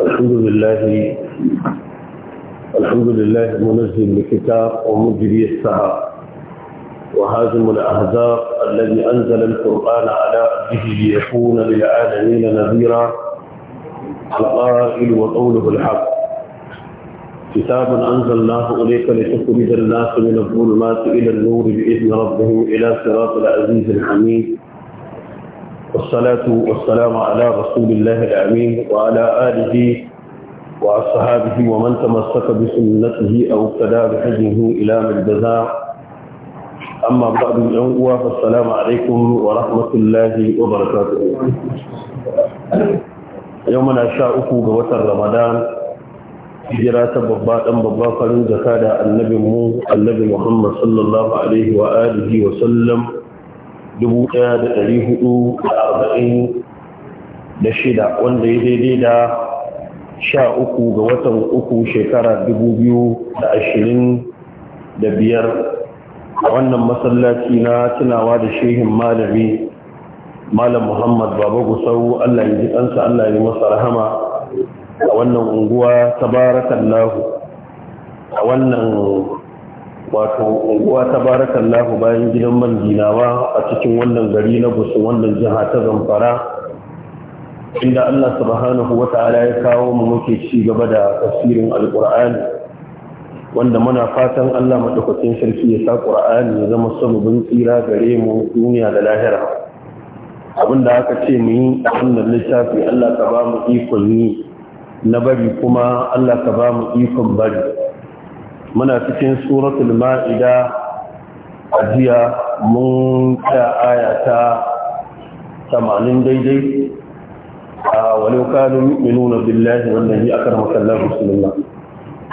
الحمد لله الحمد لله منزل الكتاب ومجري السحاب وهازم الأحزاب الذي أنزل القرآن على عبده ليكون للعالمين نذيرا القائل وقوله الحق كتاب أنزلناه إليك لتخرج الناس من الظلمات إلى النور بإذن ربهم إلى صراط العزيز الحميد والصلاة والسلام على رسول الله الأمين وعلى آله وأصحابه ومن تمسك بسنته أو اقتدى بحجمه إلى من جزاء أما بعد الأنقوى فالسلام عليكم ورحمة الله وبركاته يومنا شاءكم بوتر رمضان hijira ta babba dan babba farin zaka da annabin mu annabi Muhammad sallallahu alaihi wa alihi wa sallam dubu ɗaya da ɗari hudu da arba'in da shida wanda ya daidai da sha uku ga watan uku shekara dubu biyu da ashirin da biyar a wannan masallaci na tunawa da shehin malami malam muhammad baba gusau allah ya ji allah yi masa rahama a wannan unguwa tabarakallahu a wannan wato unguwa ta barakallahu bayan gidan man dinawa a cikin wannan gari na gusu wannan jiha ta zamfara inda Allah subhanahu wa ta'ala ya kawo mu muke ci gaba da tafsirin alqur'ani wanda muna fatan Allah madaukakin sarki ya sa qur'ani ya zama sababin tsira gare mu duniya da lahira abinda aka ce mu yi a wannan littafi Allah ka ba mu ikon yi na bari kuma Allah ka ba mu ikon bari muna cikin suratul ma'ida a jiya mun tsaya aya ta 80 daidai a walau kanu yu'minuna billahi wan nabi akramaka Allah rasulullah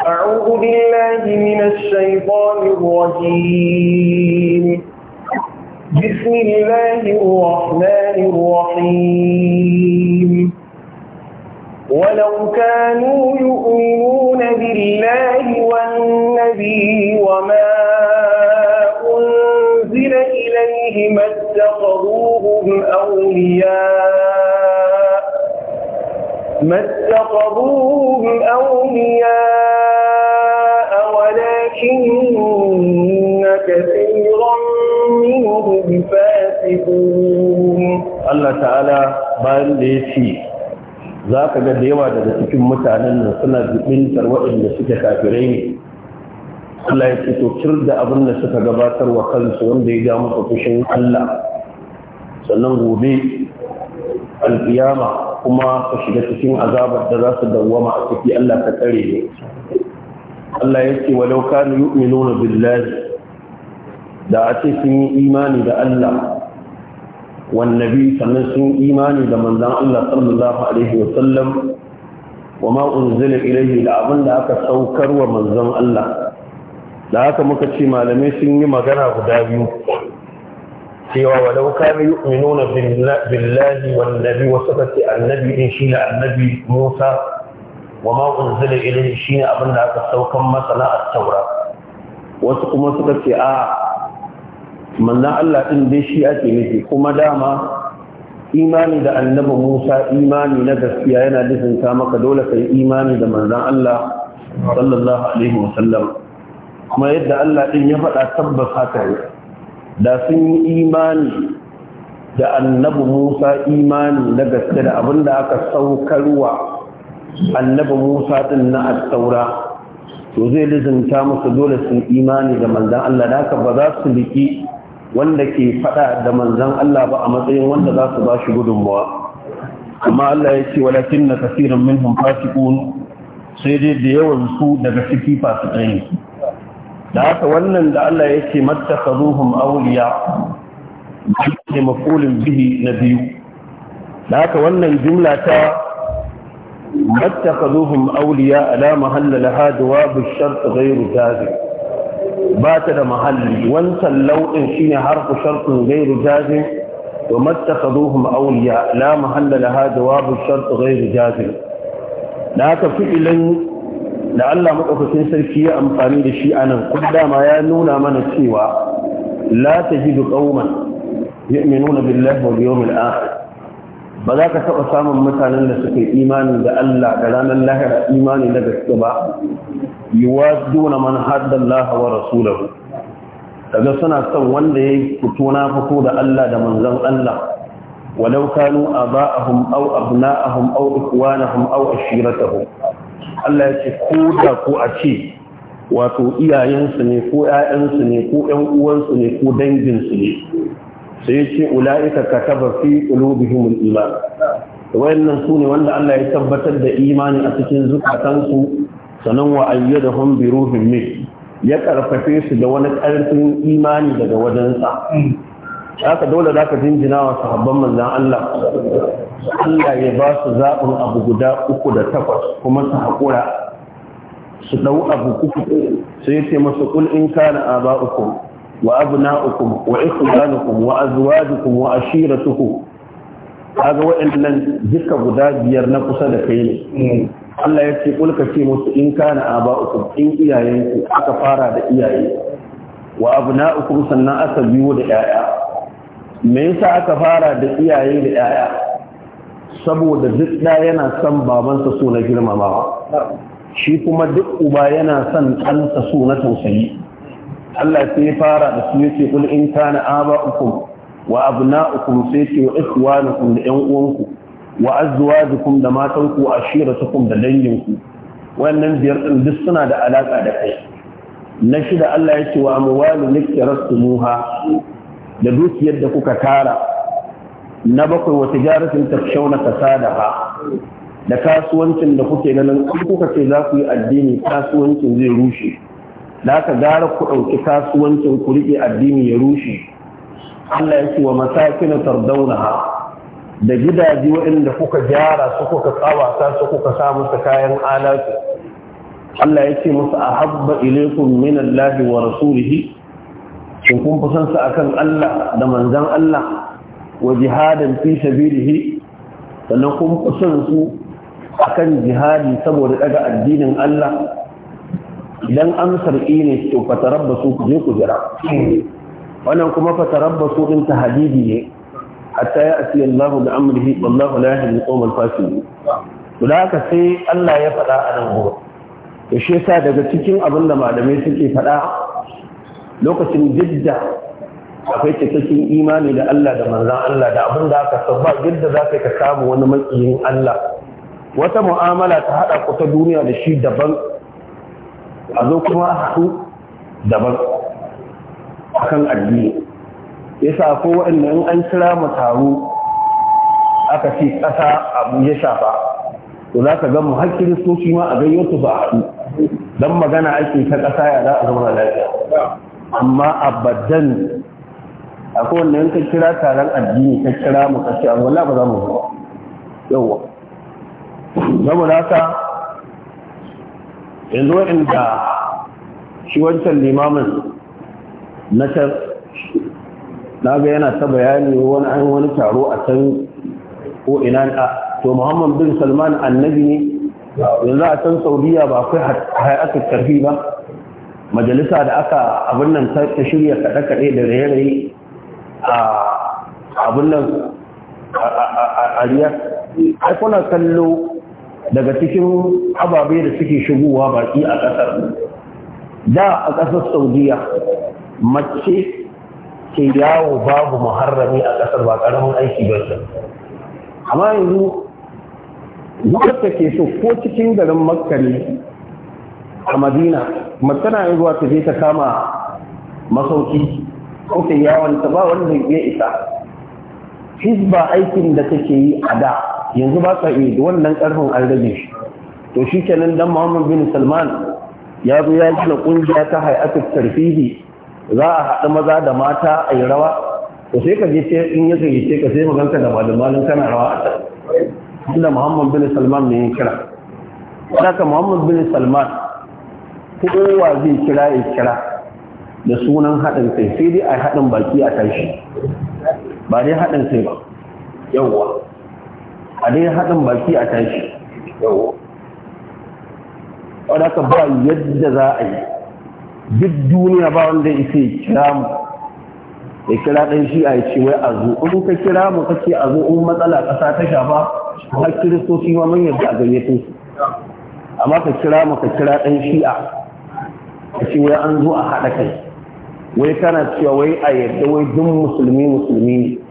أعوذ بالله من الشيطان الرجيم بسم الله الرحمن الرحيم ولو كانوا يؤمنون بالله والنبي وما أنزل إليه ما اتخذوهم أولياء ما اتخذوهم أولياء ولكن كثيرا منهم فاسقون الله تعالى بل za ka ga da yawa daga cikin mutanen nan suna jibintar waɗanda suke kafirai ne Allah ya cir da abin da suka gabatar wa kansu wanda ya ja fushin Allah sannan gobe alƙiyama kuma ka shiga cikin azabar da za su dawwama a ciki Allah ka tsare ne Allah ya ce walau kanu yu'minuna billahi da a ce sun yi imani da Allah والنبي صلى الله عليه وسلم إيماني لمن ذا الله صلى الله عليه وسلم وما أنزل إليه لأبن لأك سوكر ومن ذا الله لأك مكتشي ما لم يسيني مغنى غدابي سوى ولو كانوا يؤمنون بالله والنبي وصفة النبي إن شيل النبي موسى وما أنزل إليه شيء أبن لأك سوكر مثلا التوراة وسقم سكتي آه manzan Allah ɗin dai shi ake nufi kuma dama imani da annabi Musa imani na gaskiya yana lisinta maka dole kai imani da manzan Allah sallallahu alaihi wa sallam kuma yadda Allah ɗin ya faɗa tabbas haka ne da sun yi imani da annabi Musa imani na gaskiya da abinda aka saukarwa annabi Musa ɗin na at-taura to zai lizinta musu dole su imani da manzan Allah da haka ba za su liki wanda ke faɗa da manzan Allah ba a matsayin wanda za su ba shi gudunmawa amma Allah ya ce walakin na kasirin minhum fasiqun sai dai da yawan su daga ciki fasikai ne da haka wannan da Allah ya ce mattakhazuhum awliya ne mafulin bihi na biyu da haka wannan jumla ta mattakhazuhum awliya ala mahalla laha jawab ash-shart ghayru Zazi. ba ta da mahalli wancan lauɗin shine harfu shartun gairu jazin wa mattakhaduhum awliya la mahalla laha jawabu shart gairu jazin da haka fi'ilin da Allah madaukakin sarki ya amfani da shi a nan. kuma dama ya nuna mana cewa la tajidu qauman yu'minuna billahi wal yawmil akhir ba za ka taɓa samun mutanen da suka yi imani da Allah da ranar lahira imani na gaske ba yi wa duna man haddallah wa rasulahu daga suna son wanda ya fito na fito da Allah da manzon Allah walau kanu aba'ahum aw abna'ahum aw ikwanahum aw ashiratahum Allah ya ce ko da ko a ce wato iyayensu ne ko 'ya'yansu ne ko 'yan uwansu ne ko danginsu ne sai ya ula'ika kataba fi qulubihimul iman wayannan su ne wanda Allah ya tabbatar da imani a cikin zukatansu sanan wa ayyadahum bi ruhin min ya karfafe su da wani karfin imani daga wajensa haka dole zaka jinjina wa sahabban manzan Allah Allah ya ba su zaɓin abu guda uku da takwas kuma su haƙura su ɗau abu uku sai ce masu ƙul in kana a ba uku وأبناؤكم وإخوانكم وأزواجكم وأشيرتكم هذا وإن ذكى غداد يرنق صدقين الله يكفي قل كثير إن كان آباؤكم إن إيايكم أكفارا إيايكم وأبناؤكم سنة أسبيو لآياء me yasa aka fara da iyaye da 'ya'ya saboda duk da yana son babansa so na girmamawa shi kuma duk uba yana son ɗansa so na tausayi Allah sai ya fara da su yace kul in kana aba'ukum wa abna'ukum sai ce wa ikhwanukum da ƴan uwanku wa azwajukum da matanku wa ashiratukum da danginku wannan biyar din duk suna da alaka da kai na shida Allah ce wa amwalu niktarastumuha da dukiyar da kuka tara na bakwai wa tijaratin tafshawna kasadaha da kasuwancin da kuke ganin kuka ce za ku yi addini kasuwancin zai rushe da aka gara ku ɗauki kasuwancin ku riƙe addini ya rushe Allah ya ce wa masakin tardaunaha da gidaje waɗanda kuka gyara su kuka tsawata su kuka sa musu kayan alatu Allah ya ce musu a habba ilaikum min Allah wa rasulihi shin kun fi san su akan Allah da manzon Allah wa jihadan fi sabilihi sannan kun fi san su akan jihadi saboda daga addinin Allah idan amsar i e ne to fatarabbasu ku je ku jira wannan kuma fatarabbasu in ta hadidi ne hatta ya asiya Allahu da amrihi wallahu la yahdi al fasiqin to da haka sai Allah ya faɗa a nan gobe to shi yasa daga cikin abin da malamai suke faɗa lokacin jidda akwai cikakken imani da Allah da manzan Allah da abin da aka sabba yadda za ka samu wani makiyin Allah wata mu'amala ta haɗa ku ta duniya da shi daban a zo kuma a haɗu daban akan addini Ya ko waɗanda in an kira mu taru aka ce ƙasa abu ya shafa to za ka ga mu har kiristoci ma a gayyar su a haɗu don magana ake ta ƙasa ya za a zama lafiya amma abadan akwai wanda yanka kira taron addini ka kira mu ƙasa ce ba za mu zuwa yauwa zama da yanzu waɗanda shi wancan limamin na can na ga yana ta bayani wani an wani taro a can ko ina a to muhammad bin salman annabi ne yanzu a can saudiya ba akwai hayatar karfi ba majalisa da aka abin nan ta shirya kaɗe-kaɗe da raye-raye a abin nan a riyar ai kuna kallo daga cikin ababe da suke shigowa baki a ƙasar da a ƙasar saudiya mace ke yawo babu muharrami a ƙasar ba ƙaramin aiki ba amma yanzu wadda ke so ko cikin garin Makkari a madina matsana yin zuwa ta je ta kama masauki ke yawon ta ba wanda ya isa hizba aikin da take yi a da yanzu ba sa iya wannan karfin an rage shi to shi kenan dan Muhammad bin Salman ya zo ya gina kungiya ta hay'atul tarfihi za a haɗu maza da mata a yi rawa to sai ka je in ya gayyace ka sai maganka da malamalin kana rawa a can inda Muhammad bin Salman ne ya kira haka Muhammad bin Salman kowa zai kira ya kira da sunan haɗin kai sai dai a haɗin baki a tashi ba dai haɗin kai ba yawwa a dai haɗin baki a tashi yau wadda ba yadda za a yi duk duniya ba wanda ya kira mu ya kira ɗan shi a ce wai a zo in ka kira mu kake ce a zo in matsala ƙasa ta shafa har kiristoci ma mun yadda a gayyato su amma ka kira mu ka kira ɗan shi a. ka ce wai an zo a haɗa kai wai kana cewa wai a yadda wai duk musulmi musulmi ne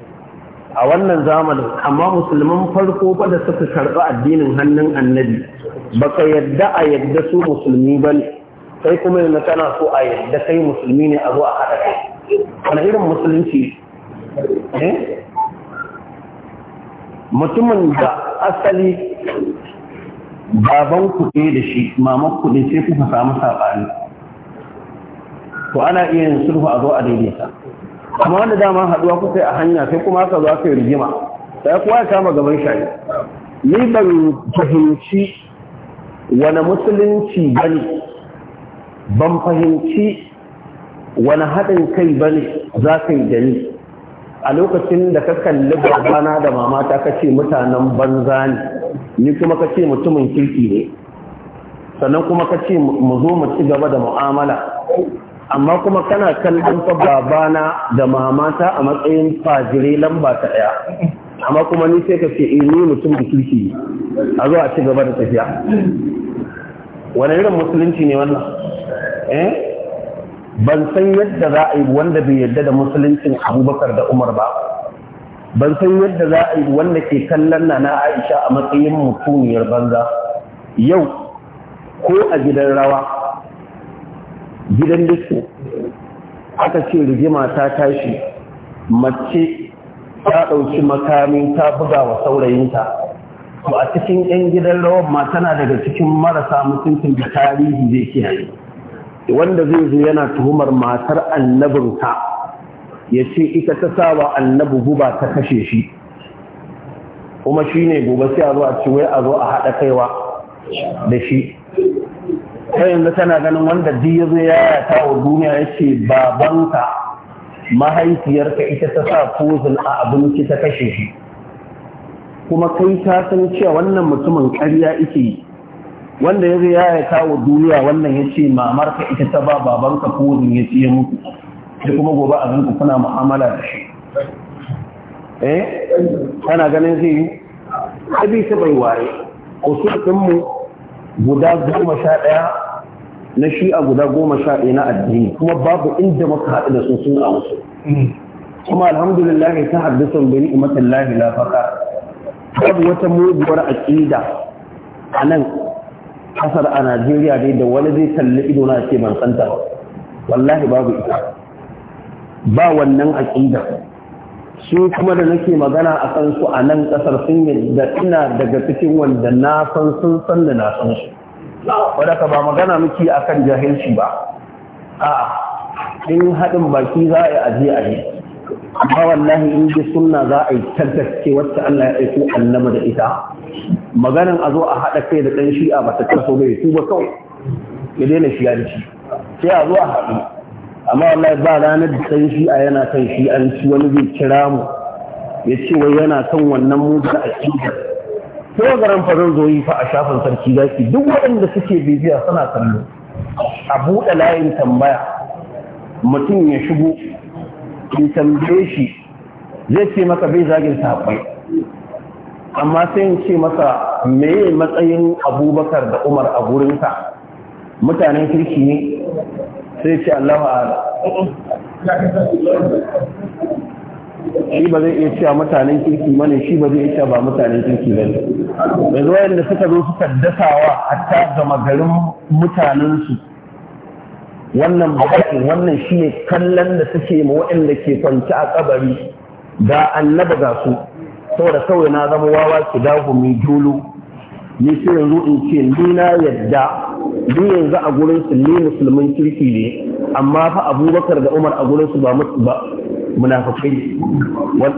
a wannan zamanin amma musulman farko da suka karɓi addinin hannun annabi baka yadda a yadda su musulmi ba ne sai kuma yana kana so a yadda kai musulmi ne a zo a haɗa kai wani irin musulunci eh? mutumin da asali baban kuɗe da shi maman kuɗi sai kuka samu saɓani to ana iya yin sulhu a zo a daidaita amma wanda dama haduwa kuka a hanya sai kuma aka zuwa sai yi rigima sai kuma ya kama gaban shari'a. ni ban fahimci wani musulunci ba ne, ban fahimci wani haɗin kai ba ne za ka yi da ni a lokacin da ka kalli babana da mamata ka ce mutanen banza ne ni kuma ka ce mutumin kirki ne sannan kuma ka ce mu zo mu ci gaba da mu'amala amma kuma kana kallon fa babana da mamata a matsayin fajire lamba ta ɗaya amma kuma ni sai ka ce in eh, ni mutum da kirki a zo a ci gaba da tafiya wani irin musulunci ne wannan eh ban san yadda za a yi wanda bai yadda da musuluncin abubakar da umar ba ban san yadda za a yi wanda ke kallon Nana na aisha a matsayin mutumiyar banza yau ko a gidan rawa gidan lissu aka ce rigima ta tashi mace ta ɗauki makami ta buga wa saurayinta to a cikin 'yan gidan rawar ma tana daga cikin marasa mutuncin da tarihi zai kiyaye wanda zai zo yana tuhumar matar annabinka ya ce ita ta sawa annabu guba ta kashe shi kuma shi ne gobe sai a zo a ci wai a zo a haɗa kaiwa da shi kai yanzu tana ganin wanda duk ya ya yata wa duniya ya ce babanka mahaifiyarka ita ta sa kozin a abinci ta kashe shi kuma kai ta san cewa wannan mutumin ƙarya ike yi wanda ya zai ya yata wa duniya wannan ya ce mamarka ita ta ba babanka kozin ya ce mutu da kuma gobe abinku kuna mu'amala da shi eh kana ganin zai yi abin ta bai waye su ɗinmu guda goma sha ɗaya na shi'a guda goma sha ɗaya na addini kuma babu inda muka haɗu da su sun a wasu kuma alhamdulillah ta haddisan bani umatan lahi lafaka. babu wata muguwar aƙida a nan kasar a najeriya dai da wani zai kalli ido na ce ban santa ba wallahi babu ita ba wannan aƙida su kuma da nake magana a kan su a nan kasar sun yi da ina daga cikin wanda na san sun san da na san su wadda ba magana muke a kan jahilci ba a in haɗin baki za a yi aje a yi amma wallahi in ji sunna za a yi taggaske wacce Allah ya aiko annama da ita maganan a zo a haɗa kai da ɗan shi'a ba ta taso bai su ba kawai ya daina shi sai a zo a haɗu amma wallahi ba ranar da san shi a yana kan shi an ci wani zai kira mu ya ce wai yana kan wannan mugun a ko garan fa zan zo yi fa a shafin sarki zaki duk waɗanda suke bibiya suna kallo a buɗe layin tambaya mutum ya shigo in tambaye shi zai ce maka bai zagin sahabbai amma sai in ce masa meye matsayin abubakar da umar a gurin ka? mutanen kirki ne sai ce Allah ma'ala shi ba zai iya cewa mutanen kirki mana shi ba zai iya cewa ba mutanen kirki ba ne yanzu wayanda suka zo suka dasawa ta gama garin mutanensu wannan bakin wannan shi ne kallon da suke ma waɗanda ke kwanci a kabari ga annaba ga su saboda kawai na zama wawa ki dahu mai julu ni sai yanzu in ce ni na yadda duk yanzu a gurin su ne musulmin kirki ne amma fa abubakar da umar a gurin su ba munafikai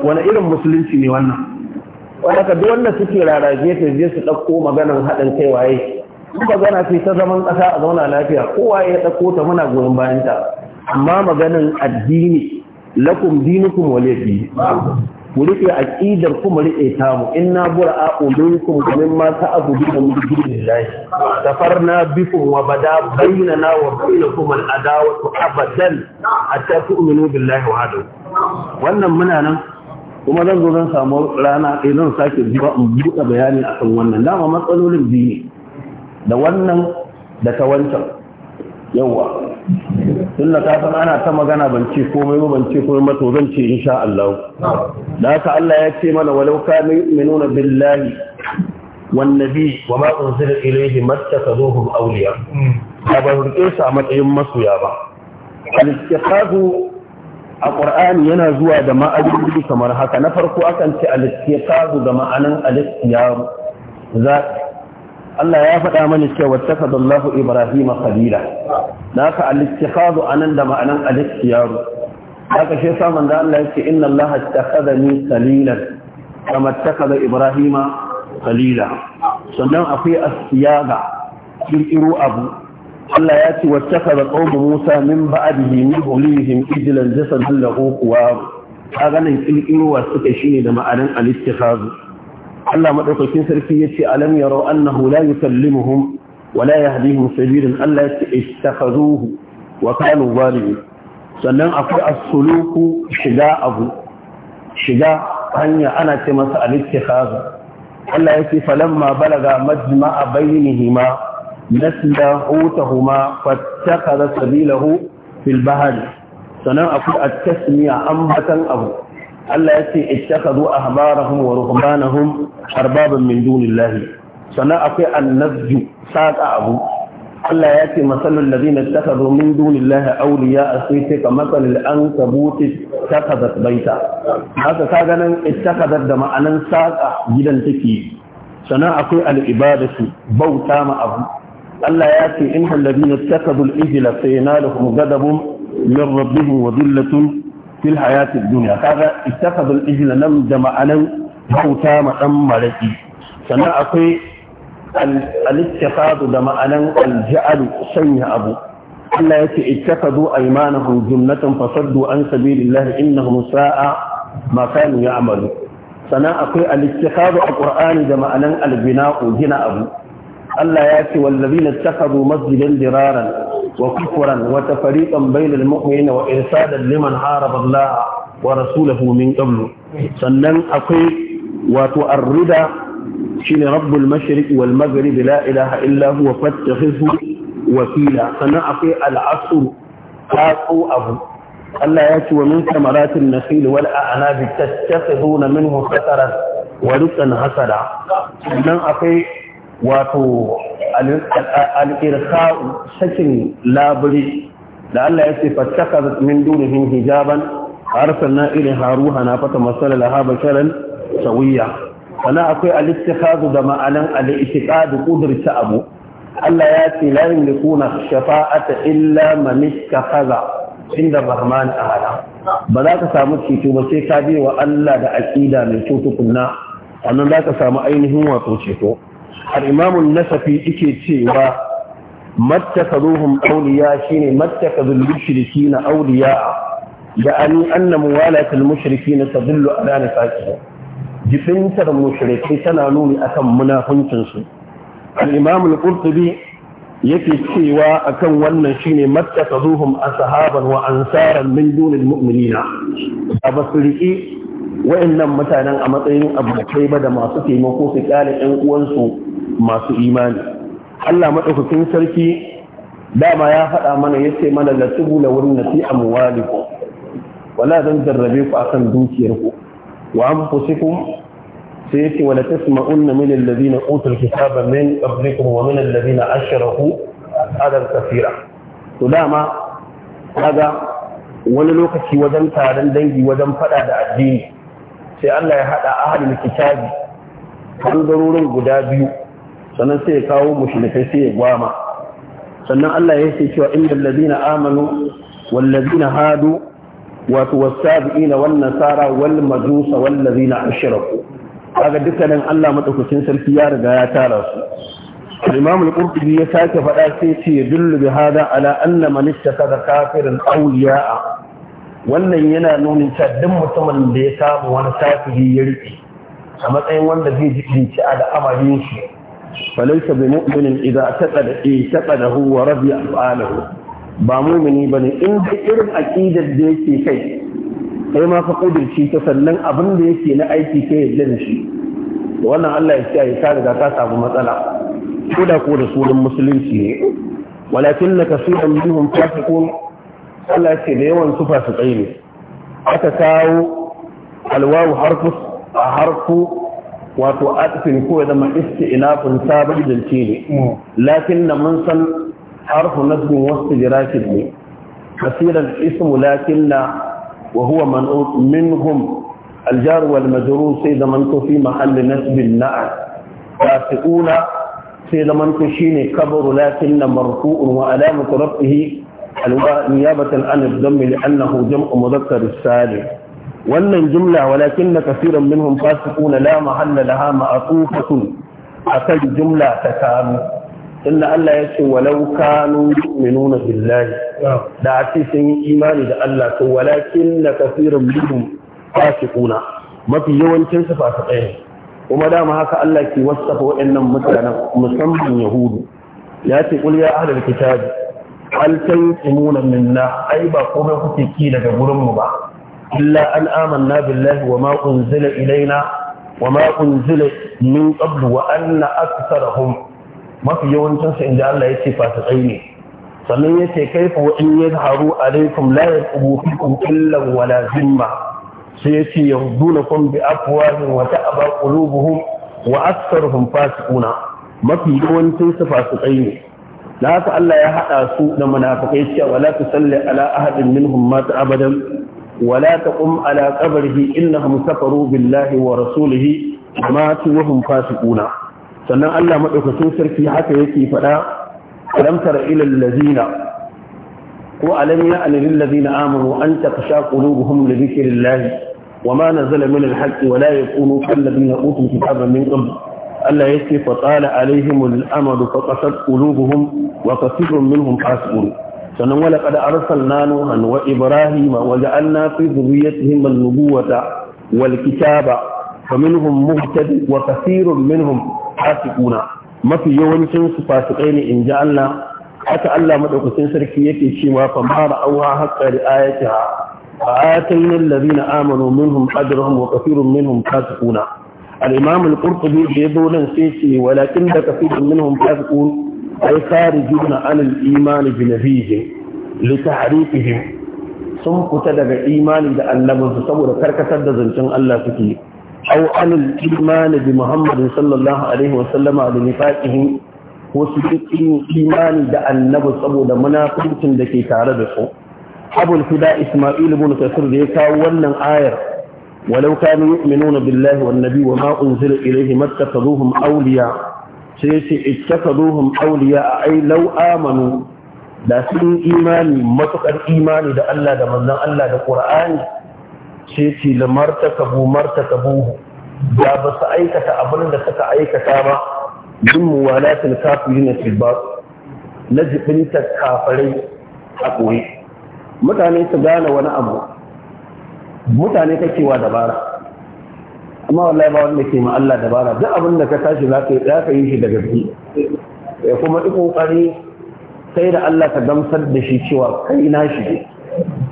wani irin musulunci ne wannan ka duk wanda suke rarage ta je su ɗauko maganar haɗin kai waye magana ce ta zaman ƙasa a zauna lafiya kowa ya ɗauko ta muna goyon bayan ta amma maganin addini lakum dinukum waliy mu rike aqidar kuma rike ta mu inna bura'a minkum mimma ta'buduna min dunillahi safarna bikum wa bada bainana wa bainakum al-adawatu abadan hatta tu'minu billahi wahdahu wannan muna nan kuma zan zo zan samu rana ɗaya zan sake zuwa in buɗe bayani akan wannan dama matsalolin biyu ne da wannan da ta wancan yawa tun da kasan ana ta magana ban ce komai ba ban ce komai ba to zan ce insha Allah da haka Allah ya ce mana walau ka minuna billahi wan nabi wa ma unzila ilayhi mattakaduhum awliya ba ba rike su a matsayin masoya ba al-istiqazu a Qur'ani yana zuwa da ma'anoni kamar haka na farko akan ce al-istiqazu da ma'anan al-istiyaru za Allah ya faɗa mani cewa takadallahu Ibrahim khalila naka al-ittikhadu anan da ma'anan al-ikhtiyaru haka shi yasa manzo Allah yake inna Allah ittakhadani khalilan kama ittakhadha Ibrahim khalila sannan akwai as-siyaga kirkiru abu Allah ya ce wattakhadha qawmu Musa min ba'dihi min hulihim ijlan jasadan lahu quwwar kaga wa suka shine da ma'anan al-ittikhadu Allah madaukakin sarki ya ce alam yaro annahu la yukallimuhum wa la yahdihim sabilan Allah yace istakhazuhu wa kanu zalimin sannan akwai as-suluku shiga abu shiga hanya ana ce masa al-ittikhaz Allah yace falamma balaga majma'a bainihima nasla hutahuma fattakhadha sabilahu fil bahri sannan akwai at-tasmiya ambatan abu Allah ya ce ittakhadhu ahbarahum wa ruhbanahum arbaban min dunillahi sannan akwai annabju saqa abu Allah ya ce masalul ladina ittakhadhu min dunillahi awliya sai ce ka masalul ankabut ittakhadhat baita haka ka ganin ittakhadhat da ma'anan saqa gidan take sannan akwai al-ibadatu bauta ma abu Allah ya ce innal ladina ittakhadhu al-ijla sayanaluhum ghadabun min rabbihim wa dhillatun fil hayatid dunya kaga ittakhadul ijla lam jama'anan bauta ma dan maraki sannan akwai al da ma'anan al sanya abu Allah yace ittakhadu aymanahum jumlatan fasaddu an sabilillahi innahum sa'a ma kanu ya'malu sannan akwai al-ittikhadu al-qur'ani da ma'anan al-bina'u abu Allah ya ce wallazina ittakhadhu masjidan diraran wa kufran wa tafriqan bainal mu'minina wa irsadan liman haraba Allah wa rasulahu min qablu sannan akwai wato arrida shine rabbul mashriq wal maghrib la ilaha illa huwa fattakhidhu wakila sannan akwai al'asr taqu abu Allah ya ce wa min samaratin nakhil wal a'nabi tattakhiduna minhu sakaran wa rizqan hasada sannan akwai wato al'irka'u sakin labari da Allah ya ce fattaka min dunihin hijaban arsalna irin haruha na fata masala laha basharan sawiya sana akwai al da ma'anan al-ittiqadu qudurta abu Allah ya ce la yamlikuna shafa'ata illa man kaza, inda a ta'ala ba za ka samu ceto ba sai ka bi wa Allah da aƙida mai kyau tukunna annan za ka samu ainihin wato ceto al-imam an-nasafi yake cewa mattakazuhum awliya shine mattakazul mushrikina awliya ya'ani anna na mushrikina a ranar nifaqihim Jifintar mushrikai tana nuni akan munafuncin su al-imam yake cewa akan wannan shine mattakazuhum ashaban wa ansaran min dunil mu'minina abasriki wayannan mutanen a matsayin abokai ba da masu taimako su kyale yan uwansu masu imani Allah maɗaukakin sarki dama ya faɗa mana yace mana la tubula a nati amwalikum wala zan jarrabe ku akan dukiyarku wa anfusikum sai yace wala tasma'unna min alladhina utul kitaba min qablikum wa min alladhina ashraku adan kafira. to dama kaga wani lokaci wajen taron dangi wajen faɗa da addini sai Allah ya haɗa ahalin kitabi ɓangarorin guda biyu sannan sai ya kawo mushrikai sai ya gwama sannan Allah ya ce cewa innal ladina amanu wal ladina hadu wa tuwasabiina wan nasara wal majusa wal ladina ashraku kaga dukkanin Allah madaukakin sarki ya riga ya tara su Imam al-Qurtubi ya sake faɗa sai ce ya bi hada ala anna man kafirin kafiran awliya'a wannan yana nunin cewa duk mutumin da ya samu wani kafiri ya rike a matsayin wanda zai ji al'amarin shi فليس بمؤمن إذا اعتقد اعتقده ورضي أفعاله ba mumini ba ne in irin aƙidar da yake kai sai ma ka kudirci ta sannan abin da yake na aiki sai ya da shi wannan Allah ya kiyaye ka riga ka samu matsala ko ko da sunan musulunci ne walakin na kasuran minhum fasiqun Allah ce da yawan su fasikai ne aka kawo alwau harfu harfu wato atfin ko ya zama isti'nafun sabon zance ne hmm. lakin da mun san harfu nasbin wasu jirakin ne kasiran ismu lakin na wa huwa min minhum aljar wal majrur sai zaman to fi mahalli nasbin na'a fasiquna sai zaman to shine kabaru lakin na marfu'un wa alamatu rafihi alwa niyabatan an ad-damm li annahu jam'u mudhakkar wannan jumla walakin na kasiran minhum fasiquna la mahalla laha ma'tufatun akan jumla ta kanu inda Allah ya ce walau kanu yu'minuna billahi da a sun yi imani da Allah to walakin na kasiran minhum fasikuna, mafi yawancin su fasikai ne kuma dama haka Allah ke wasafa waɗannan mutanen musamman yahudu ya ce kul ya ahlul kitabi hal tanqimuna minna ai ba komai kuke ki daga gurin mu ba إلا أن آمنا بالله وما أنزل إلينا وما أنزل من قبل وأن أكثرهم ما في يوم تنسى إن جعل الله يتفى تغيني sannan ya ce kai kuwa in ya haru alaikum la ya tsubu fikum wala zimma sai ya ce yanzu na kun bi afwahin wa ta'aba qulubuhum wa mafi yawancin su ne da haka Allah ya haɗa su da munafikai cewa wala ala ahadin minhum abadan ولا تقم على قبره إنهم كفروا بالله ورسوله ماتوا وهم فاسقون sannan Allah madaukakin sarki haka yake faɗa. alam tara ila allazina ko alam ya alil allazina amanu an taqsha qulubuhum li dhikrillah wa ma nazala min alhaq wa la yakunu kal ladina utul kitaba min qabl Allah yake fa qala alaihim al amad fa qasat qulubuhum wa kathirun minhum fasiqun sannan wala qad arsalna nuhan wa ibrahima wa ja'alna fi dhurriyyatihim an-nubuwata wal kitaba faminhum muhtad wa kathirun minhum fasiquna mafi yawancin su fasikai ne in ji Allah haka Allah madaukakin sarki yake cewa fa ma ra'awha haqqa ri'ayatiha fa atayna alladhina amanu minhum ajrahum wa kathirun minhum fasiquna al-imam al-qurtubi nan sai ce walakin da kathirun minhum fasiqun أي خارجون عن الإيمان بنبيهم لتحريفهم sun fita daga imani da allabansu saboda karkatar da zancen Allah suke hau anil imani bi sallallahu alaihi wasallama da nifaƙihin ko su fi imani da annabi saboda munafurcin da ke tare da su abul fida ismail ibn kasir da ya kawo wannan ayar walau kanu yu'minuna billahi wan nabi wa ma unzila ilayhi makka tadhuhum sai ce ittakaduhum awliya ai law amanu da sun imani matukar imani da Allah da manzon Allah da Qur'ani sai ce lamartakabu martakabu da ba su aikata abin da suka aikata ba din muwalatul kafirin fil batil na jibinta kafirai a koyi mutane su gane wani abu mutane kakewa dabara kuma wallahi ba wanda ke ma Allah dabara duk abin da ka tashi za ka yi shi da gaske ya kuma duk kokari sai da Allah ka gamsar da shi cewa kai na shi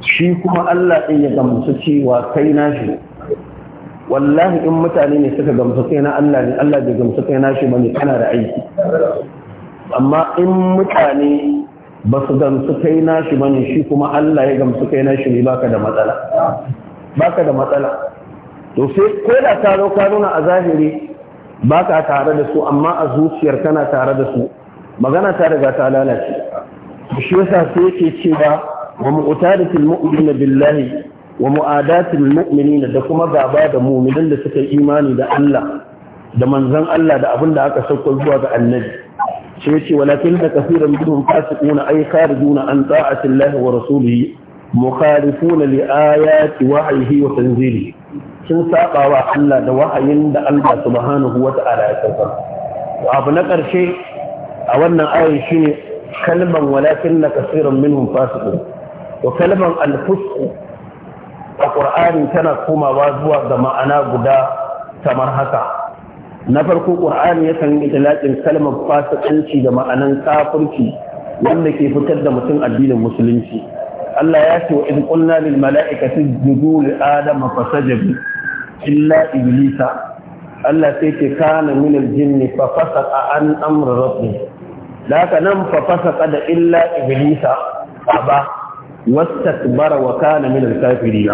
shi kuma Allah din ya gamsu cewa kai na shi wallahi in mutane ne suka gamsu kai na Allah ne Allah bai gamsu kai na shi bane kana da aiki amma in mutane ba su gamsu kai na shi bane shi kuma Allah ya gamsu kai na shi ne baka da matsala baka da matsala to sai ko da ka nuna a zahiri ba ka tare da su amma a zuciyar kana tare da su magana ta riga ta lalace shi yasa sai yake cewa wa mu'tadatul mu'minina billahi wa mu'adatul mu'minina da kuma gaba da muminin da suka yi imani da Allah da manzon Allah da abin da aka sauko zuwa ga annabi sai yace walakin da kafiran aika fasiquna ay kharijuna an ta'atillahi wa rasulihi mukhalifuna li ayati wahyihi wa tanzilihi sun saba wa Allah da wahayin da Allah subhanahu wa ta'ala ya saukar abu na ƙarshe a wannan ayin shine kalman walakin na kasirin minhum fasiku. to kalman al a Qur'ani tana komawa zuwa ga ma'ana guda kamar haka na farko Qur'ani ya yi itlaqin kalmar fasikanci da ma'anan kafirci wanda ke fitar da mutum addinin musulunci Allah ya ce wa in qulna lil mala'ikati isjudu li adama fasajadu illa iblisa Allah sai ce kana min al jinni fa fasaqa an amri Da laka nan fa fasaqa da illa iblisa aba wastakbara wa kana min al kafirin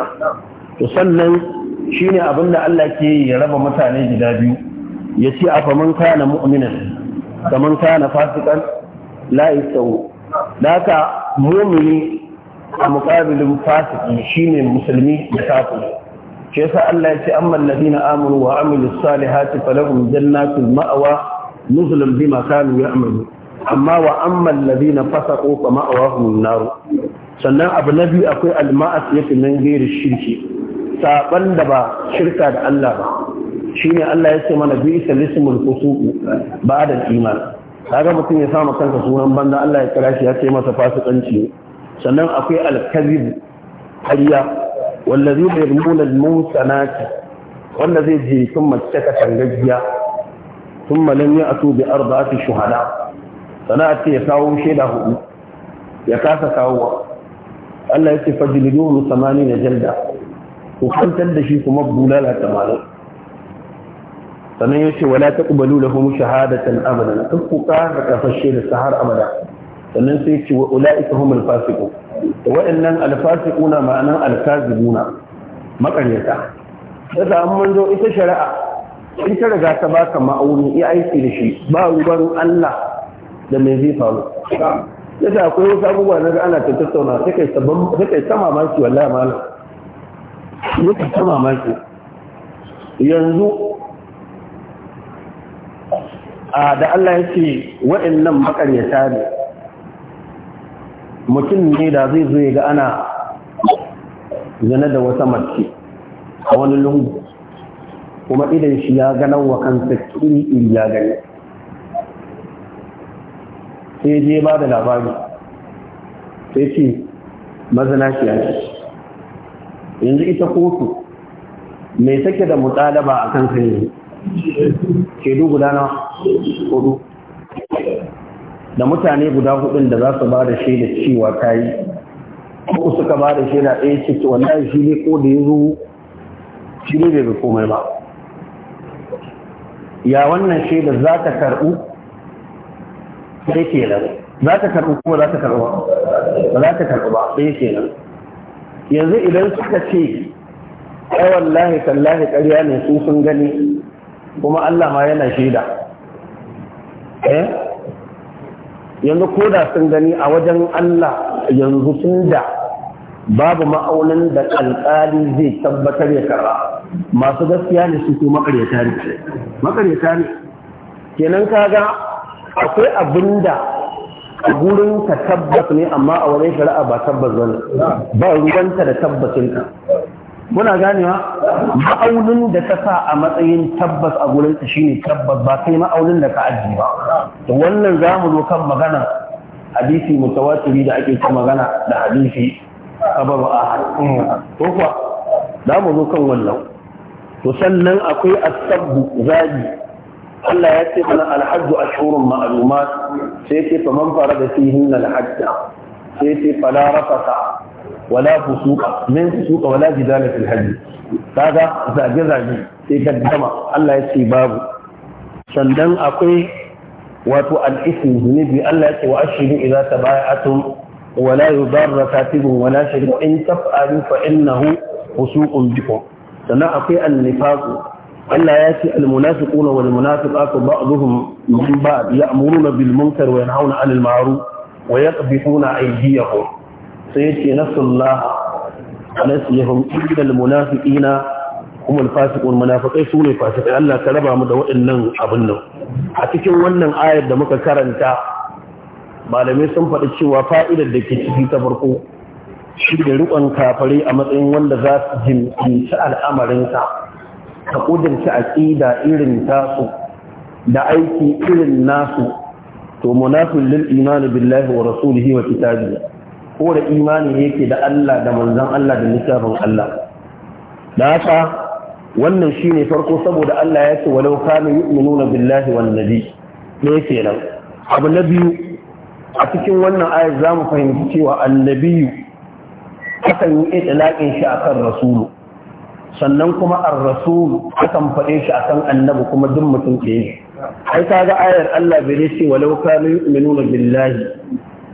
to sannan shine abinda Allah ke ya raba mutane gida biyu ya yace afa man kana mu'minan kaman kana fasikan la da ka mu'mini a muƙabilin fasiki ne musulmi da kafiri shi yasa Allah ya ce amma na amanu wa amilus salihati falahum jannatul ma'awa nuzulun bima kanu ya'malu amma wa amma alladhina fasaqu fa ma'wahum nar sannan abu na biyu akwai al yake nan gairi shirki saban da ba shirka da Allah ba shine Allah ya ce mana bi ismul fusuq ba'da al-iman kaga mutum ya samu kansa sunan banda Allah ya kira shi ya ce masa fasikanci sannan akwai alkazib ƙarya wallazi da yamuna musanati wanda zai je sun mace ta tangajiya sun malam ya ato bi arba'ati shuhada sana'a ya kawo shaida hudu ya kasa kawo Allah ya ce fajliduhu samani na jalda ku kantar da shi kuma bulala tamanin sannan ya ce wala ta taqbalu lahum shahadatan abada kakku ka da kafashe da sahar abada sannan sai ce wa ula'ika hum alfasiqu da waɗannan alfasiquna ma'anan alkazibuna makaryata da an mun zo ita shari'a in ta riga ta baka ma'auni ya aiki da shi ba ruwan Allah da me zai faru ya ta akwai wasu abubuwa na ga ana ta tattauna ta kai ta mamaki wallahi malam ya ta mamaki yanzu a da Allah ya ce waɗannan makaryata ne mutum ne da zai zo ga ana zane da wata mace a wani lungu kuma idan shi ya ganar wa kansa kiri iri ya gani sai je ba da labari sai ce mazana shi yanzu ita kotu mai take da mutalaba a kan sai shaidu guda na hudu da mutane guda hudun da za su ba da shaida cewa ta yi ko suka ba da shaida ɗaya eh, ce ce wallahi shi ne ko da ya zo shi ne bai komai ba ya wannan shaida za ta karɓu sai nan za ta karɓu ko za ta karɓu ba za ta karɓu ba sai nan yanzu idan suka ce ai wallahi tallahi ƙarya ne su sun gani kuma Allah ma yana shaida eh yanzu ko da sun gani a wajen Allah yanzu tun da babu ma'aunin da alƙali zai tabbatar ya kara masu gaskiya ne su kuma makaryata ne makaryata ne kenan kaga akwai abin da gurin ka tabbas ne amma a wani shari'a ba tabbas bane ba ruwanta da tabbacinka muna ganewa ma'aunin da ka sa a matsayin tabbas a gurin gurinsa shine tabbas ba kai ma'aunin da ka ajiye ba to wannan za mu zo kan magana hadisi mutawatiri da ake ta magana da hadisi sabab ahad ko kuwa za mu zo kan wannan to sannan akwai asabbu zagi Allah ya ce mana alhajju ashhurun ma'lumat sai ce fara da fihin alhajja sai ce fala rafasa wala fusuqa min fusuqa wala jidala fil hajj kaga zage zage sai ka Allah ya ce babu sannan akwai wato al-ism zunubi Allah ya ce wa ashhadu idza tabaya'atum wala yudarra katibun wala shari'u in taf'alu fa innahu fusuqun bikum sannan akwai al-nifaq Allah ya ce al-munafiquna wal munafiqatu ba'dhum min ba'd ya'muruna bil munkar wa yanhauna 'anil ma'ruf wa yaqbihuna aydiyahum sai yace nasallah nasihum illal munafiqina humul fasiqun munafiqai sune fasiqai Allah ka raba mu da waɗannan abin nan a cikin wannan ayar da muka karanta malamai sun faɗi cewa fa'idar da ke ciki ta farko shi da riƙon kafare a matsayin wanda za su jimci al'amarinka ka ƙudurci aƙida irin tasu da aiki irin nasu to munafin lil imani billahi wa rasulihi wa kitabihi kore imani yake da Allah da manzan Allah da littafin Allah da haka wannan shine farko saboda Allah ya ce walau kanu yu'minuna billahi wan nabi ne kenan abu na biyu a cikin wannan ayat za mu fahimci cewa annabiyu akan yi itlaqin shi akan rasulu sannan kuma ar-rasul akan faɗe shi akan annabi kuma duk mutum ke yi ai kaga ayar Allah bai ce walau kanu yu'minuna billahi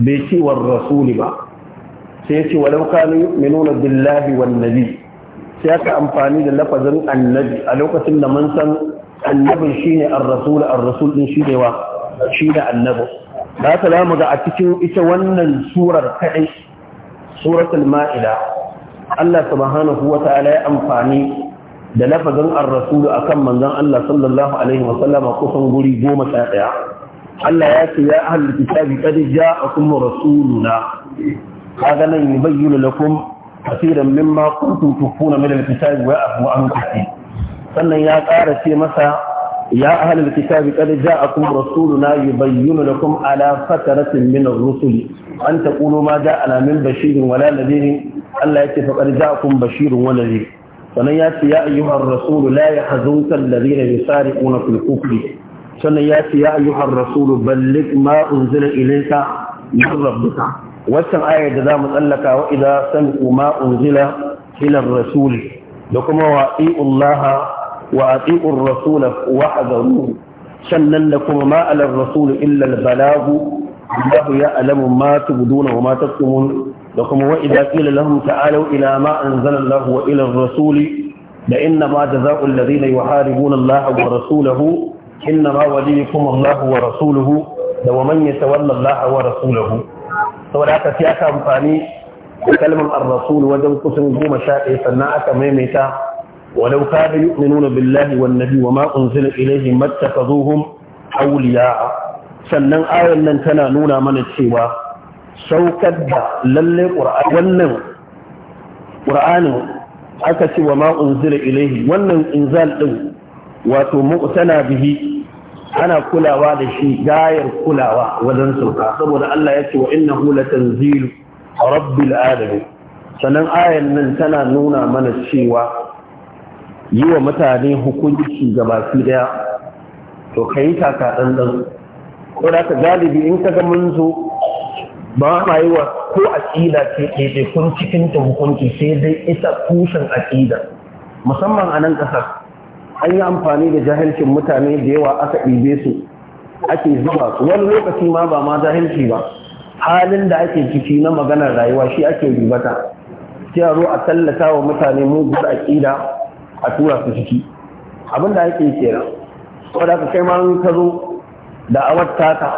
bai ce war rasuli ba sai wa lauka kanu yu'minuna billahi wan nabi sai aka amfani da lafazin annabi a lokacin da mun san annabin shine ar-rasul an rasul din shine wa shine annabin. da ta zamu ga a cikin ita wannan surar kadai suratul ma'ida Allah subhanahu wa ta'ala ya amfani da lafazin ar-rasul akan manzon Allah sallallahu alaihi wa sallama kusan guri 11 Allah ya ce ya ahlul kitabi qad ja'akum rasuluna kaga nan yubayyinu lakum kasiran mimma kuntum tufuna min alkitabi wa afu an kathir sannan ya ƙara ce masa ya ahlul kitabi qad ja'akum rasuluna yubayyinu lakum ala fataratin min ar-rusuli an taqulu ma ja'ana min bashirin wala nadirin Allah yake fa qad ja'akum bashirun wa nadir sannan ya ce ya ayyuhar rasulu la yahzunka alladhina yusari'una fil kufri sannan ya ce ya ayyuhar ma wacce ayar da zamu tsallaka wa idza sami'u ma unzila ila rasul da kuma wa Allah wa ati'u ar-rasul wa hadaru sannan da kuma ma ala ar balagu Allah ya alamu ma tubduna wa ma taqtumun da kuma wa idza qila lahum ta'alu ila ma anzala Allah wa ila ar-rasul da inna ma jazaa'u alladhina yuharibuna Allah wa rasulahu inna ma waliyukum Allah wa rasuluhu da wa man yatawalla Allah wa rasuluhu saboda haka sai aka amfani da kalmar ar-rasul wajen kusan goma sha ɗaya sannan aka maimaita walau kana yu'minuna billahi wan nabi wa ma unzila ilayhi mattakhaduhum sannan ayan nan tana nuna mana cewa saukar da lalle qur'an wannan aka ce wa ma unzila ilayhi wannan inzal din wato mu'tana bihi ana kulawa da shi gayar kulawa wajen sauka saboda Allah ya ce wa innahu latanzilu rabbil alamin sannan ayan nan tana nuna mana cewa yi wa mutane hukunci ga baki daya to kai taka dan dan ko da ka galibi in ka ga mun zo ba ma yi wa ko aqida ce ke kun cikin ta hukunci sai dai ita tushen aqida musamman a nan kasar an yi amfani da jahilcin mutane da yawa aka ɗibe su ake zuba su wani lokaci ma ba ma jahilci ba halin da ake ciki na maganar rayuwa shi ake ribata sai a zo a tallata wa mutane mugun aƙida a tura su ciki abin da ake kenan da aka kai ma ka zo da awar taka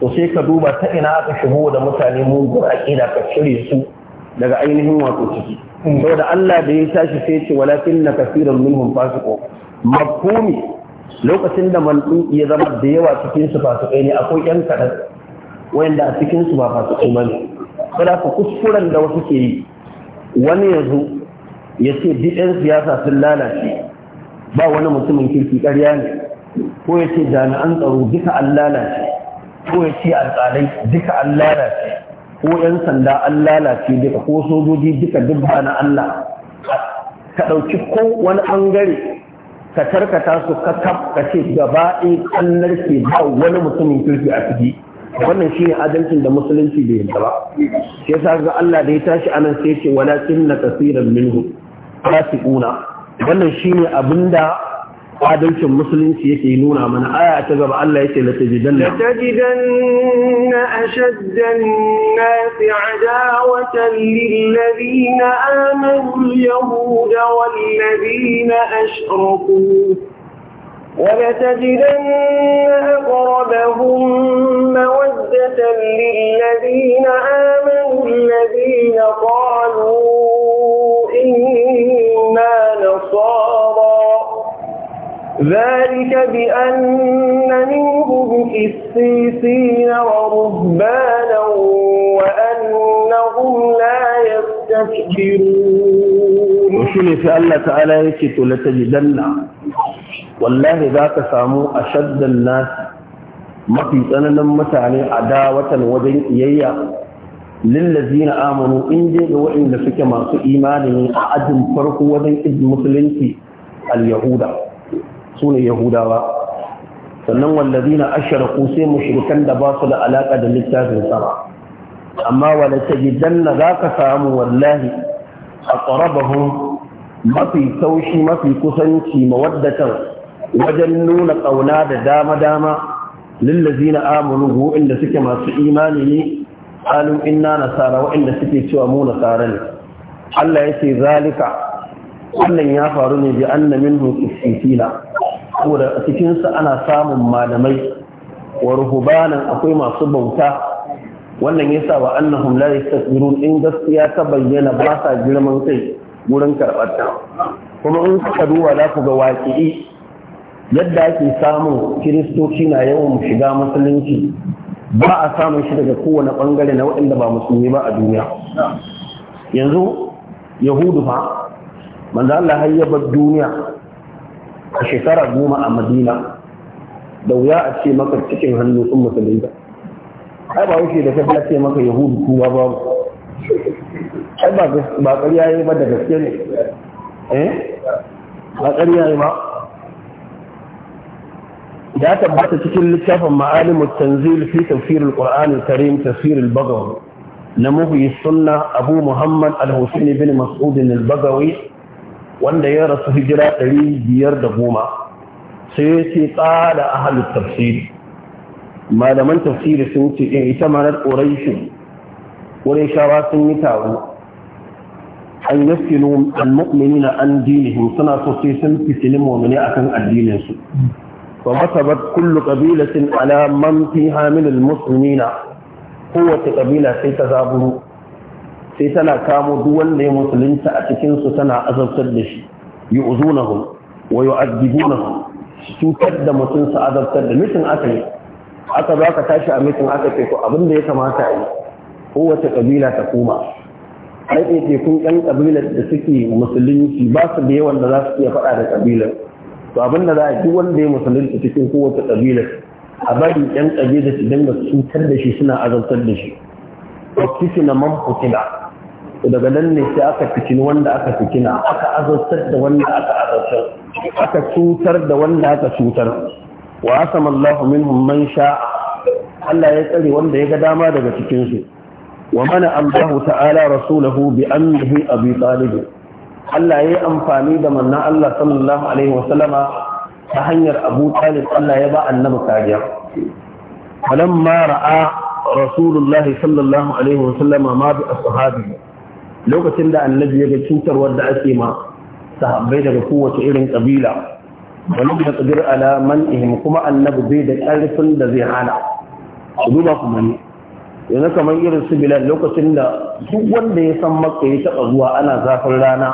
to sai ka duba ta ina aka shigo da mutane mugun aƙida ka cire su daga ainihin wato ciki saboda Allah da ya tashi sai ce walakin na kafiran minhum fasiqo mafhumi lokacin da manduki ya zama da yawa cikin su fasikai ne akwai yan kadan wayanda a cikin su ba fasikai bane saboda ku kuskuren da wasu ke yi wani yazo ya ce duk siyasa sun lalace ba wani mutumin kirki ƙarya ne ko ya ce jami'an tsaro duka an lalace ko ya ce alƙalai duka an lalace ko 'yan sanda an lalace duka ko sojoji duka duk na Allah ka ɗauki ko wani ɓangare ka tarkata su ka kaf ka ce gaba in an narke ba wani mutumin kirki a ciki wannan shine adalcin da musulunci bai yarda ba shi yasa ga Allah da ya tashi anan sai ce walakin na kasiran minhu fasiquna wannan shine abinda adalcin musulunci yake nuna mana aya ta gaba Allah yake la tajidanna la tajidanna ashaddan nas adawatan lil ladina amanu yahuda wal ladina ashraku ولتجدن أقربهم مودة للذين آمنوا الذين قالوا إنا نصارى ذلك بأن منهم قسيسين ورهبانا وأنهم لا يستكبرون وشنو في الله تعالى يكت لتجدن والله ذاك سامو أشد الناس mafi tsananin mutane a dawatan wajen iyayya lillazina amanu in je ga waɗanda suke masu imanin a ajin farko wajen musulunci al-yahuda su ne yahudawa sannan wallazina ku sai mushrikan da ba su da alaka da littafin sama amma na za zaka samu wallahi aqrabahum mafi taushi mafi kusanci mawaddatan wajen nuna ƙauna da dama dama lillazina amanu inda suke masu imani ne qalu inna nasara wainda suke cewa mu nasara ne Allah ya ce zalika wannan ya faru ne bi anna minhu qissina saboda a cikinsa ana samun malamai wa ruhubanan akwai masu bauta wannan yasa wa annahum la yastakbirun in gaskiya ta bayyana ba sa girman kai wurin karɓar ta kuma in ka duba za ku ga waƙi'i yadda ake samun kiristoci na yawan shiga musulunci ba a samun shi daga kowane ɓangare na waɗanda ba musulmi ba a duniya yanzu yahudu fa manzo Allah har ya bar duniya a shekara goma a madina da wuya a ce maka cikin hannu sun musulunta ai ba wuce da kafa ce maka yahudu kuma ba? ai ba ƙarya yi ba da gaske ne eh ba ƙarya yi ba ya tabbata cikin littafin ma'alimu tanzil fi tafsir al-qur'an al-karim tafsir al-bagawi na muhyi sunna abu muhammad al-husaini bin mas'ud al-bagawi wanda ya rasu hijira ɗari biyar da goma sai ya ce tsada a halin tafsiri malaman tafsiri sun ce in eh, ita manar ƙorashin wurin shawa sun yi taro an yaskinu al na an dinihim suna so sai sun fitinin mummuni akan addininsu wa masabat kullu qabilatin ala man fi hamilul muslimina kowace kabila sai ta zaburo sai tana kamo duk wanda ya musulunta a cikin su tana azabtar da shi Yi yu'zunahum wa yu'adibunahum cutar da mutum su azabtar da mutum aka yi aka za ka tashi a mutum aka ce ko abin da ya kamata a yi kowace kabila ta koma ai ɗaya tekun ƴan kabilar da suke musulunci ba su da yawan da za su iya faɗa da kabilar to abin da za a duk wanda ya musulunta cikin kowace kabilar a bari ƴan kabilar su dinga cutar da shi suna azabtar da shi wa na man fukila daga nan ne sai aka fikini wanda aka fikina aka azartar da wanda aka azartar aka cutar da wanda aka cutar wa asama Allahu minhum man sha'a. Allah ya tsare wanda ya ga dama daga cikin su wa mana Allahu ta'ala rasulahu bi amrihi abi talib Allah ya yi amfani da manna Allah sallallahu alaihi wa sallama ta hanyar Abu Talib Allah ya ba annabi kariya falamma ra'a rasulullahi sallallahu alaihi wa sallama ma bi ashabihi lokacin da annabi ya ga cutarwar da ake ma sahabbai daga kowace irin kabila wani da tsibir ala ihim kuma annabi bai da karfin da zai hana su duba kuma ne yanzu kamar irin su bilal lokacin da duk wanda ya san maka ya taɓa zuwa ana zafin rana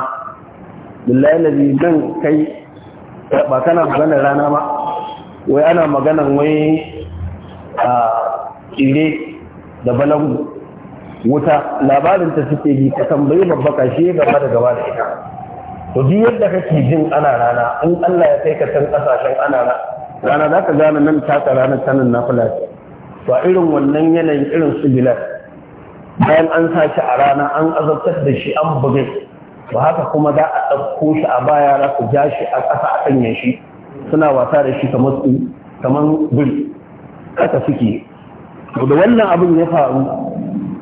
billahi zan nan kai ba kana maganar rana ba wai ana maganar wai a tsire da balangu wuta labarin ta suke bi ka tambayi babba kashe gaba da gaba da ita to duk yadda kake jin ana rana in Allah ya kai ka san kasashen ana rana za ka gane nan taka ranar sanin na fula to a irin wannan yanayin irin su bilal bayan an sa shi a rana an azabtar da shi an buge to haka kuma za a ɗauko shi a baya za ku ja shi a ƙasa a sanya shi suna wasa da shi kamar kamar bil haka suke to da wannan abin ya faru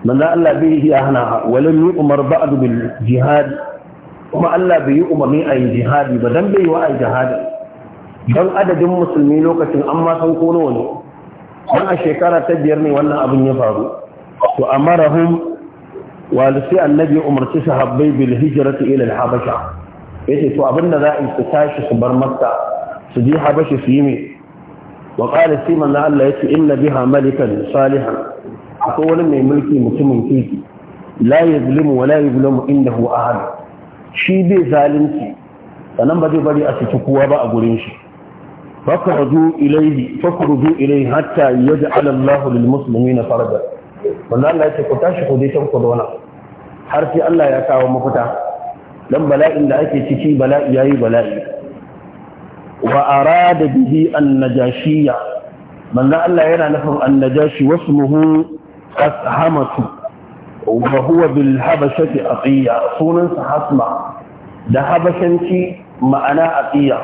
manzo Allah bai yi hana walam yi umar ba'd bil jihadi. kuma Allah bai yi umarni a yi jihadi ba don bai yi wa a jihadi Don adadin musulmi lokacin an ma san nawa ne a shekara ta biyar ne wannan abin ya faru to amarahum wa sai annabi umarci sahabbai bil hijrati ila al habasha yace to abinda za in su tashi su bar makka su je habashi su yi me wa qala sai manzo Allah yace inna biha malikan salihan akwai wani mai mulki mutumin kirki la yazlimu wa la yuzlamu indahu ahad shi bai zalunci sannan ba zai bari a ciki kowa ba a gurin shi fakrudu ilayhi fakrudu ilayhi hatta yaj'al Allahu lil muslimina farja wanda Allah ya ce ku tashi ku dai tan ku dona har sai Allah ya kawo mafita dan bala'in da ake ciki bala'i yayi bala'i wa arada bihi an-najashiyya manzo Allah yana nufin an-najashi wasmuhu ashamatu wa huwa bil habashati aqiya sunansa hasma da habashanci ma'ana aqiya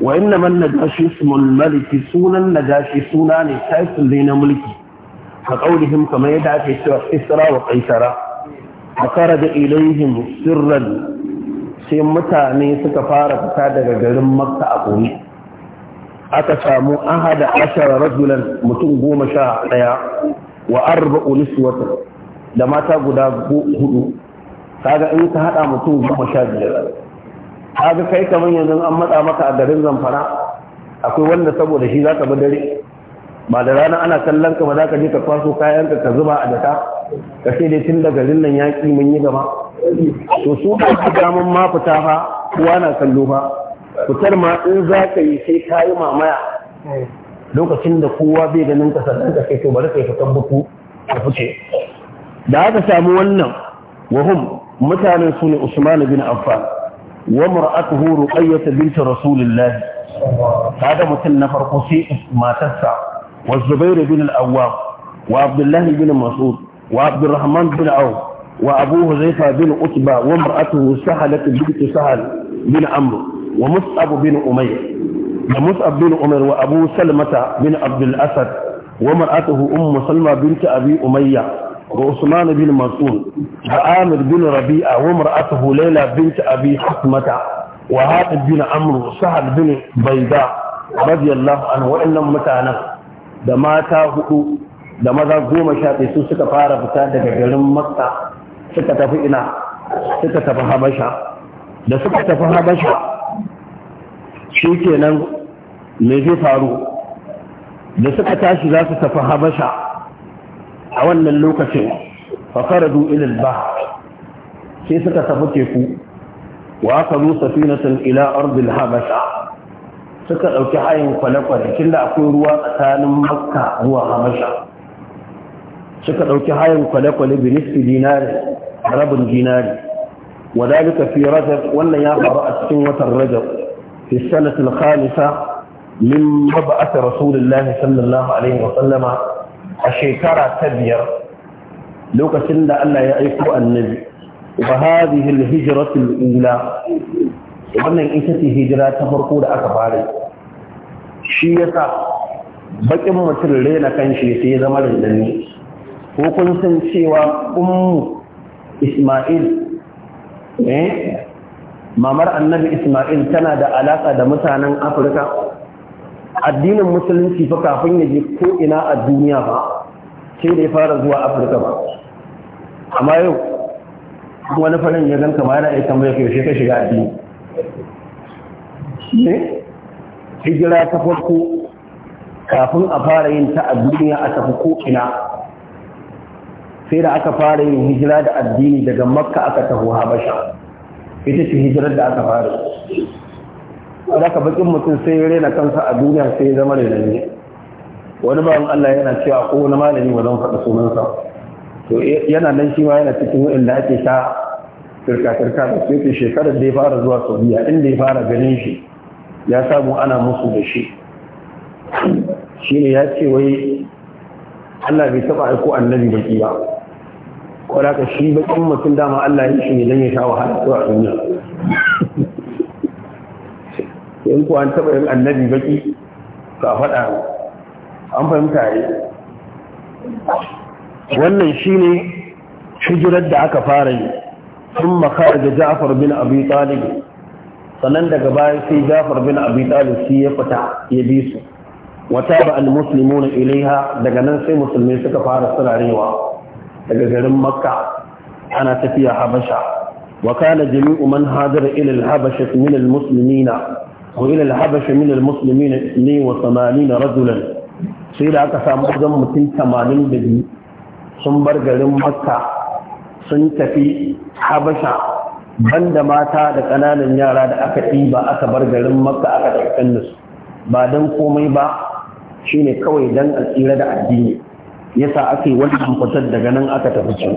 wa inna man najashi ismul maliki sunan najashi suna ne title na mulki ka kaulihim kamar yadda ake cewa isra wa qaisara akara da ilaihim sirran sai mutane suka fara fita daga garin makka a koyi aka samu ahada ashara rajulan mutum goma sha daya wa arba'u niswatan da mata guda hudu kaga in ka hada mutum goma sha biyar kaga kai kamar yanzu an matsa maka a garin zamfara akwai wanda saboda shi zaka bi dare ba da rana ana kallon ka ba za ka je ka kwaso kayan ka zuba a jaka? ka sai dai tun daga garin nan yaƙi mun yi gaba to su ba su daman ma fita fa kowa na kallo fa fitar ma in za ka yi sai ka yi mamaya eh. lokacin da kowa bai ganin ka sannan ka kai to bari kai buku ka fice da aka samu wannan wahum mutanen su ne Usman bin Affan wa mar'atuhu Ruqayyah bint Rasulillah kaga mutum na farko sai matarsa wa Zubair bin al wa Abdullah bin Mas'ud wa Abdurrahman bin Auf وأبو هزيفة بن عتبة وامرأته سهلة بنت سهل بن عمرو ومصعب bin أمية da mus'ab bin umar wa abu salmata bin abdul asad wa mar'atuhu ummu salma binti abi umayya wa usman bin mas'ud da amir bin rabi'a wa mar'atuhu layla binti abi hasmata wa hatib bin amr sahal bin bayda radiyallahu anhu wa'annan mutanen da mata hudu da maza goma sha ɗaya su suka fara fita daga garin makka suka tafi ina suka tafi habasha da suka tafi habasha shi kenan me zai faru da suka tashi za su tafi habasha a wannan lokacin fafaradu ilil ba sai suka tafi teku wa aka zo safinatan ila ardil habasha suka ɗauki hayin kwale-kwale tunda akwai ruwa tsakanin makka zuwa habasha suka ɗauki hayan kwale-kwale binisti dinari rabin dinari wadalika fi rajab wannan ya faru a cikin watan rajab في السنة الخامسة من مبعث رسول الله صلى الله عليه وسلم الشيكارة تبير لو كسند أن لا النبي وهذه الهجرة الأولى wannan ita hijira ta farko da aka fara shi yasa bakin mutum rena kanshi sai ya zama rindani ko kun san cewa ummu isma'il mamar annabi isma'il tana da alaka da mutanen afirka addinin musulunci fa kafin ya je ko ina a duniya ba sai da ya fara zuwa afirka ba amma yau wani farin ya ganka ma yana iya tambaya ka yaushe ka shiga addini ne hijira ta farko kafin a fara yin ta a duniya a tafi ko ina sai da aka fara yin hijira da addini daga makka aka tafi habasha ita ce hijirar da aka fara da bakin mutum sai ya rena kansa a duniya sai ya zama da wani bayan Allah yana cewa ko wani malami ba zan faɗa sunansa to yana nan shi ma yana cikin wa'inda ake sha firka-firka da shekarar da ya fara zuwa saudiya inda ya fara ganin shi ya samu ana musu da shi shi ne ya ce wai Allah bai taɓa aiko annabi baki ba wadda ka shi bakin mutum dama Allah ya shi ne don ya sha wahala ko a duniya in ku an taɓa yin annabi baki ka faɗa an fahimta ne wannan shi ne hijirar da aka fara yi sun makar da ja'afar bin abi talib sannan daga baya sai ja'afar bin abi talib sai ya fita ya bi su wata ba al-muslimuna ilaiha daga nan sai musulmi suka fara sirarewa daga garin makka ana tafiya habasha wa kana jami'u man hadara ila al-habasha min al-muslimina wa ila al-habasha min al-muslimina ni wa rajulan sai da aka samu zan mutum 82 sun bar garin makka sun tafi habasha banda mata da ƙananan yara da aka ɗiba aka bar garin makka aka ɗaukan da su ba don komai ba shine kawai don a tsira da addini yasa aka yi wannan fitar daga nan aka tafi can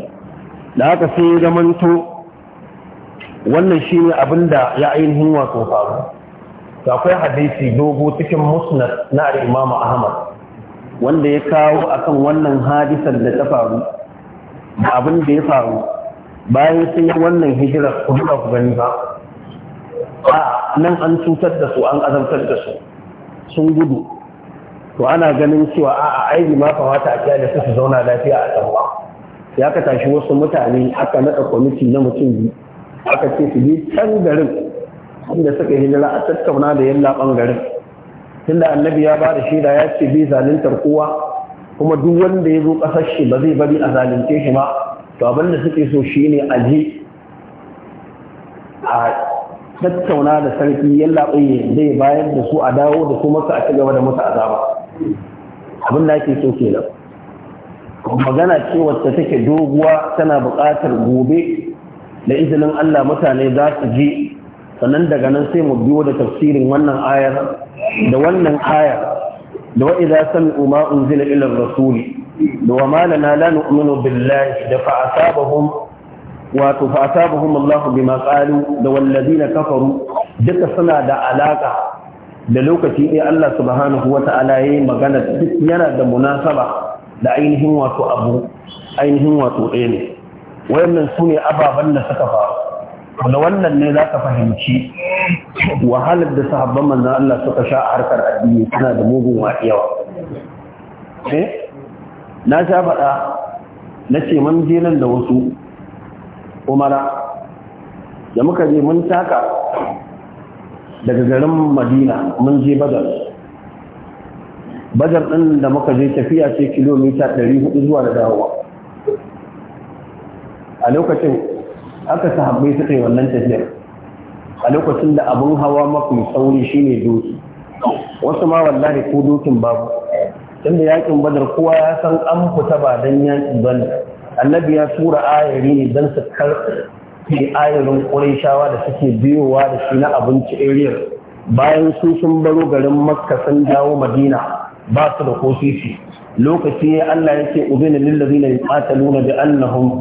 da haka sai ya zamanto wannan shi ne abin da ya ainihin wato faru to akwai hadisi dogo cikin musnad na imam ahmad wanda ya kawo akan wannan hadisan da ta faru abin da ya faru bayan sai wannan hijira ku ba ku gani ba a nan an cutar da su an azabtar da su sun gudu to ana ganin cewa a'a ai ma kamata a kiyaye su su zauna lafiya a tsawa ya ka tashi wasu mutane aka naɗa kwamiti na mutum biyu aka ce su bi can garin inda suka hijira a tattauna da yalla garin tunda annabi ya bada da shaida ya ce bi zaluntar kowa kuma duk wanda ya zo ƙasar shi ba zai bari a zalunce shi ma to abin da suke so shine a ji a tattauna da sarki yalla zai bayar da su a dawo da su masa a ci gaba da musu azaba abin da ake so kenan magana ce wacce take doguwa tana buƙatar gobe da izinin Allah mutane za su je. sannan daga nan sai mu biyo da tafsirin wannan ayar da wannan ayar da wa'iza sami ma unzila ila rasuli da wa ma lana la nu'minu billahi da fa asabahum wa fa Allah bima qalu da wallazina kafaru duka suna da alaka da lokaci ɗaya Allah subhanahu wa ta'ala ya yi magana duk yana da munasaba da ainihin wato abu ainihin wato ɗaya ne wayannan su ne ababen da suka faru da wannan ne za ka fahimci wahalar da sahabban manzan Allah suka sha a harkar addini suna da mugun yawa. Eh? Na sha faɗa na ce mun je nan da wasu umara da muka je mun taka daga garin madina mun je badar badar ɗin da muka je tafiya ce kilomita 400 zuwa da dawowa a lokacin aka sahabbai suka yi wannan tafiyar a lokacin da abin hawa mafi sauri shine doki wasu ma wallahi ko dokin babu tunda yakin badar kowa ya san an fita ba don yaki ne. annabi ya tura ayari ne don su fi ayarin ƙurishawa da suke biyowa da shi na abinci ariyar bayan su sun baro garin makka sun dawo madina ba su da kosisi lokaci ya Allah ce ubina lillazi na nuna bi annahun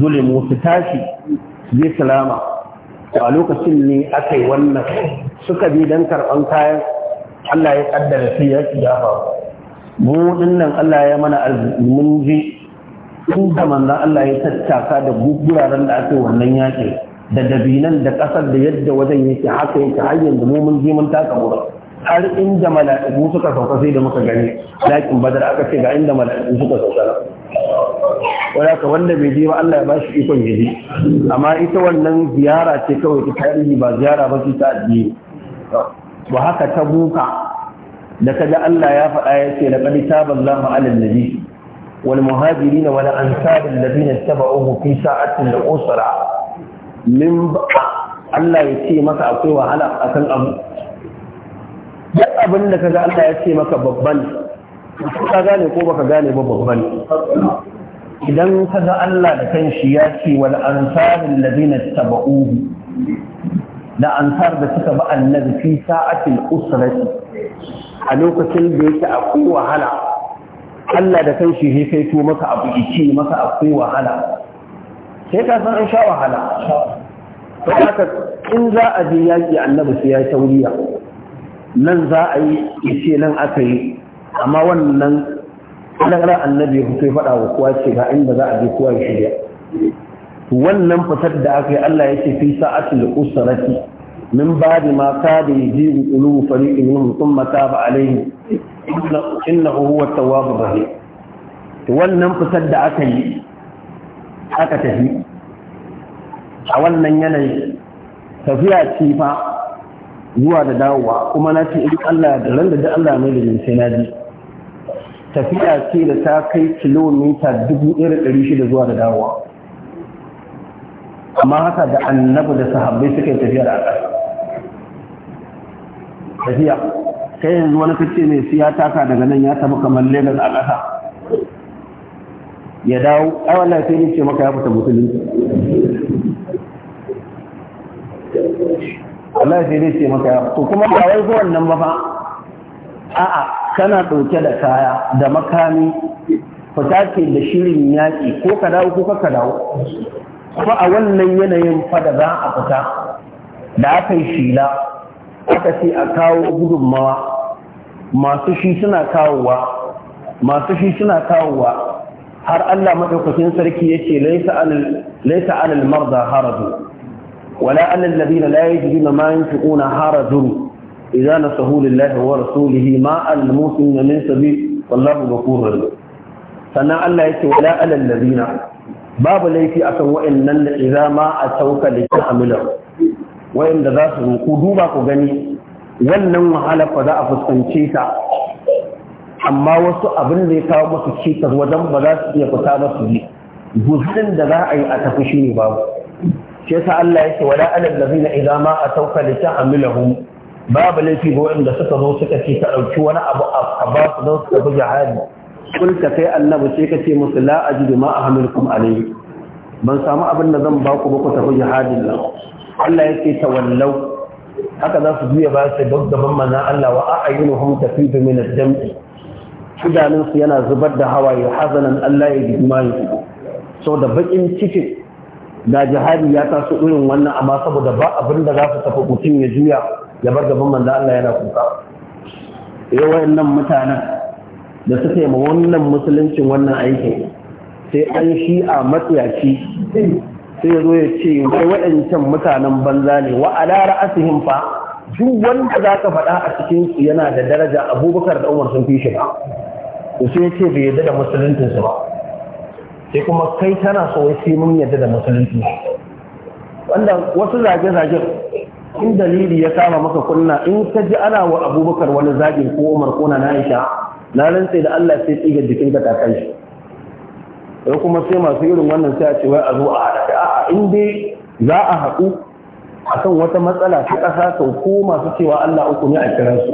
zulimu su tashi bi salama a lokacin ne aka yi wannan suka bi dan karban kayan Allah ya kaddara sai ya faru mu nan Allah ya mana arziki mun ji da manzan Allah ya tattaka da guraren da ake wannan yaƙi da dabinan da ƙasar da yadda wajen yake haka yake hanyar da mu mun je mun taka wurin har inda mala'iku suka sauka sai da muka gani yaƙin badar aka ce ga inda mala'iku suka sauka Wala ka wanda bai je ba Allah ya bashi ikon ya je amma ita wannan ziyara ce kawai ta tarihi ba ziyara ba ce ta addini ba haka ta buka da kaga Allah ya faɗa ya ce laqad taballahu 'alan nabi والمهاجرين والأنصار الذين اتبعوه في ساعة الأسرة من الله يتي مكا أقوى على أسن أبو duk abin da kaga Allah ya ce maka babban ka gane ko baka gane ba babban idan kaga Allah da kanshi ya ce wal ansarin da ansar da suka ba annabi fi sa'atil usrati a lokacin da yake akwai wahala Allah da kanshi ya kai to maka abu ice maka akwai wahala sai ka san an sha wahala haka in za a je yaƙi annabi sai ya tauriya nan za a yi ice nan aka yi amma wannan ƙarar annabi ya fi faɗa wa kowa ce ga inda za a je kowa ya shirya wannan fitar da aka yi Allah ya ce fi sa'atul usrati من بعد ما كاد يجيب قلوب فريق منهم ثم تاب عليه إنه هو التواب الرحيم wannan fitar da aka yi aka tafi a wannan yanayi tafiya ce fa zuwa da dawowa kuma na ce in Allah da ran da Allah mai da sai na ji tafiya ce da ta kai kilomita dubu ɗaya ɗari shida zuwa da dawowa amma haka da annabi da sahabbai suka yi tafiyar a ƙasa tafiya sai yanzu wani kace ne siya taka daga nan ya tafi kamar Lagos a ƙasa ya dawo ai wallahi sai ni ce maka ya fita musulunci Allah sai dai ce maka ya to kuma ba wai zuwan nan ba fa a'a kana ɗauke da kaya da makami fita ke da shirin yaƙi ko ka dawo ko ka dawo kuma a wannan yanayin fa da za a fita da aka yi shila aka ce a kawo gudunmawa masu shi suna kawowa masu shi suna kawowa har Allah madaukakin sarki yace laysa alal laysa alal marda haraju wala alal ladina la yajiduna ma yunfiquna haraju idza nasahu lillahi wa rasulihi ma al muslimina min sabil wallahu ghafurur rahim sannan Allah yace wala alal ladina babu laifi akan wa'annan da idza ma atauka li ta'amilu wayanda za su ku duba ku gani wannan wahala fa za a fuskance ta amma wasu abin da ya kawo musu cikas wajen ba za su iya fita ba su yi guzurin da za a yi a tafi shi ne babu shi yasa Allah yake wala alal ladina idza ma atawka li ta'amilahum babu laifi ba wanda suka zo suka ce ka dauki wani abu a ba su don su tafi jihadi kul ka kai annabi sai ka ce musu la ajidu ma ahmilukum alayhi ban samu abin da zan ba ku ba ku tafi jihadin nan Allah ya ce tawallau haka za su juya ba su gaban mana Allah wa a'ayunuhum tafidu min ad-dam'i idanunsu yana zubar da hawaye hazanan Allah ya ji ma yi so da bakin cikin da jihadi ya taso irin wannan amma saboda ba abin da za su tafi mutum ya juya ya bar gaban manzan Allah yana kuka eh wayannan mutanen da suka yi wannan musuluncin wannan aiki sai an shi a matsayaci sai zo ya ce wai waɗancan mutanen banza ne wa ala ra'asihim fa duk wanda za ka faɗa a cikin su yana da daraja abubakar da umar sun fi shi ba to sai ya ce bai yarda da musulunci ba sai kuma kai tana so wai sai mun yarda da musulunci wanda wasu zage-zage in dalili ya kama maka kunna in ka ji ana wa abubakar wani zagin ko umar ko na aisha na rantsa da Allah sai tsiga jikin ka ta kai sai kuma sai masu irin wannan sai a ce wai a zo a haɗa in dai za a haƙu a kan wata matsala ta ƙasa sau ko masu cewa Allah uku ne a kira su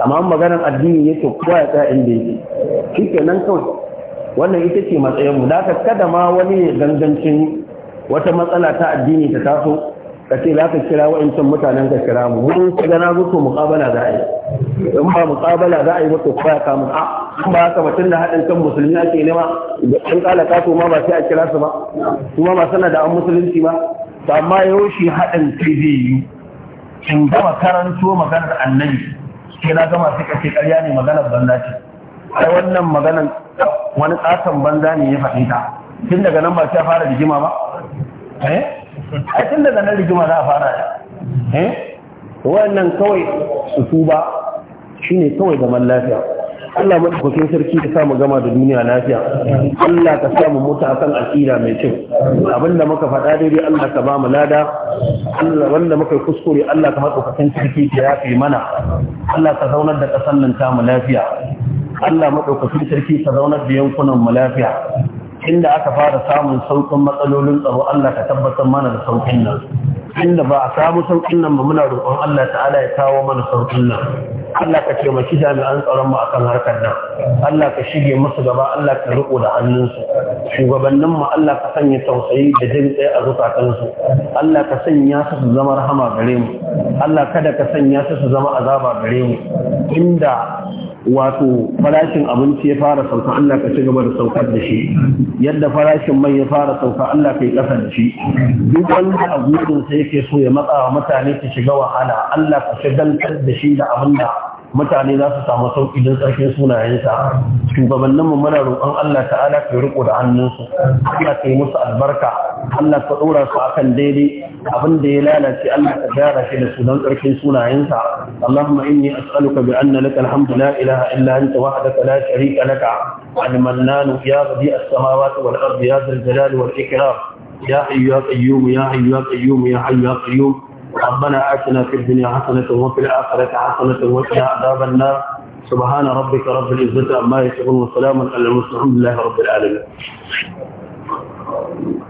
amma maganar addini yake kowa ya tsaya inda yake shi nan kawai wannan ita ce matsayinmu da da kada ma wani ya dangancin wata matsala ta addini ta taso ka ce za ka kira wa'ancan mutanen ka kira mu mun ka gana muku muƙabala za a yi in ba muƙabala za a yi muku kwaya kamun a in ba haka mutum da haɗin kan musulmi ake nema da ɗan ƙala kato ma ba sai a kira su ba Kuma ba sana da an musulunci ba to amma yaushe haɗin kai zai yi in gama karanto maganar annabi sai na gama sai kace ƙarya ne maganar banza ce ai wannan maganar wani ƙaton banza ne ya faɗi ta tun daga nan ba sai fara rigima ba eh a tun daga nan rigima za a fara ne. Eh? wannan kawai su tuba shine kawai zaman lafiya Allah madaukakin sarki ka samu gama da duniya lafiya Allah ka samu mutu akan asira mai kyau abinda muka faɗa daidai Allah ka ba mu lada Allah wanda yi kuskure Allah ka madaukakin sarki ya fi mana Allah ka zaunar da kasan nan ta mu lafiya Allah madaukakin sarki ka zaunar da yankunan mu lafiya inda aka fara samun saukin matsalolin tsaro Allah ka tabbatar mana da saukin nan inda ba a samu saukin nan ba muna roƙon Allah ta'ala ya kawo mana saukin nan Allah ka taimaki jami'an tsaron mu akan harkar nan Allah ka shige musu gaba Allah ka riko da hannunsu shugabannin mu Allah ka sanya tausayi da jin tsaye a zukatansu Allah ka sanya su su zama rahama gare mu Allah kada ka sanya su su zama azaba gare mu inda wato farashin abinci ya fara sauka Allah ka ci gaba da saukar da shi yadda farashin mai ya fara sauka Allah ka yi ƙasa da shi duk wanda a gudun sa yake so ya matsa wa mutane ta shiga wahala Allah ka shigantar da shi da abin da mutane za su samu sauki don sarkin sunayensa shugabannin mu muna roƙon Allah ta'ala ka riƙo da hannunsu Allah ka yi musu albarka Allah ka ɗora su akan daidai abin da ya lalace Allah ka gyara shi da su don tsarkin sunayensa Allahumma inni as'aluka bi anna laka alhamdu la ilaha illa anta wahdaka la sharika laka al-mannan ya rabbi as-samawati wal ardi ya dhal jalali wal ikram ya ayyuha ya qayyum ya ayyuha ya qayyum ya hayyu ya qayyum ربنا آتنا في الدنيا حسنة وفي الآخرة حسنة وقنا عذاب النار سبحان ربك رب العزة عما يصفون وسلام على المسلمين الحمد لله رب العالمين